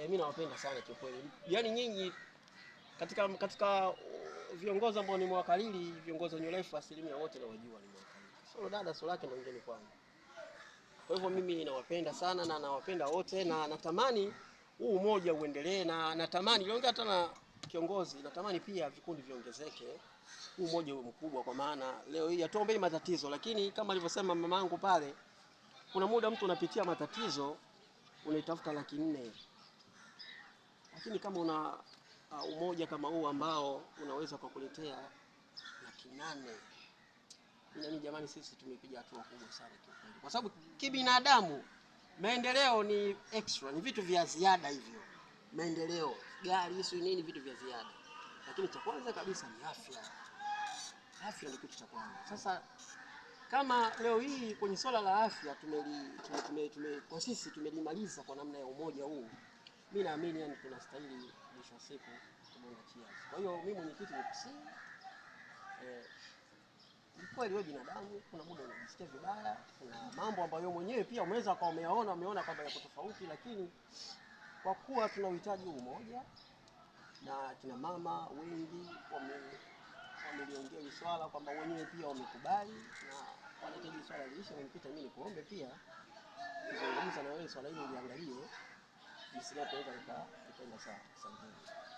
Eh, mimi nawapenda sana kiukweli. Yaani nyinyi katika katika uh, viongozi ambao ni mwakalili viongozi wa New asilimia wote na wajua ni mwakalili. Solo dada solo yake ndio ngeni kwangu. Kwa hivyo mimi nawapenda sana na nawapenda wote na natamani huu umoja uendelee na natamani niliongea hata na kiongozi, natamani pia vikundi viongezeke, huu umoja uwe mkubwa, kwa maana leo hii hatuombei matatizo, lakini kama alivyosema mamangu pale, kuna muda mtu unapitia matatizo unaitafuta laki nne lakini kama una uh, umoja kama huu ambao unaweza kwa kuletea laki nane nani, jamani, sisi tumepiga hatua kubwa sana kiukweli, kwa sababu kibinadamu maendeleo ni extra, ni vitu vya ziada hivyo maendeleo, gari hizo nini, vitu vya ziada, lakini cha kwanza kabisa ni afya. Afya ni kitu cha kwanza. Sasa kama leo hii kwenye swala la afya tumeli, tumeli, tume, kwa sisi tumelimaliza kwa namna ya umoja huu mimi naamini yani tunastahili mwisho wa siku kubonga cheers. Kwa hiyo mimi mwenyekiti nikusihi eh, ni kweli wewe binadamu, kuna muda unajisikia vibaya, kuna mambo ambayo mwenyewe pia umeweza kwa umeona umeona kwamba yako tofauti, lakini kwa kuwa tuna uhitaji umoja na kina mama wengi wame wameliongea hili swala kwamba wenyewe pia wamekubali na wanahitaji swala liishe. Mwenyekiti, mimi nikuombe pia kuzungumza na wewe swala hili liangalie. 実力をかれた人がさ、3人。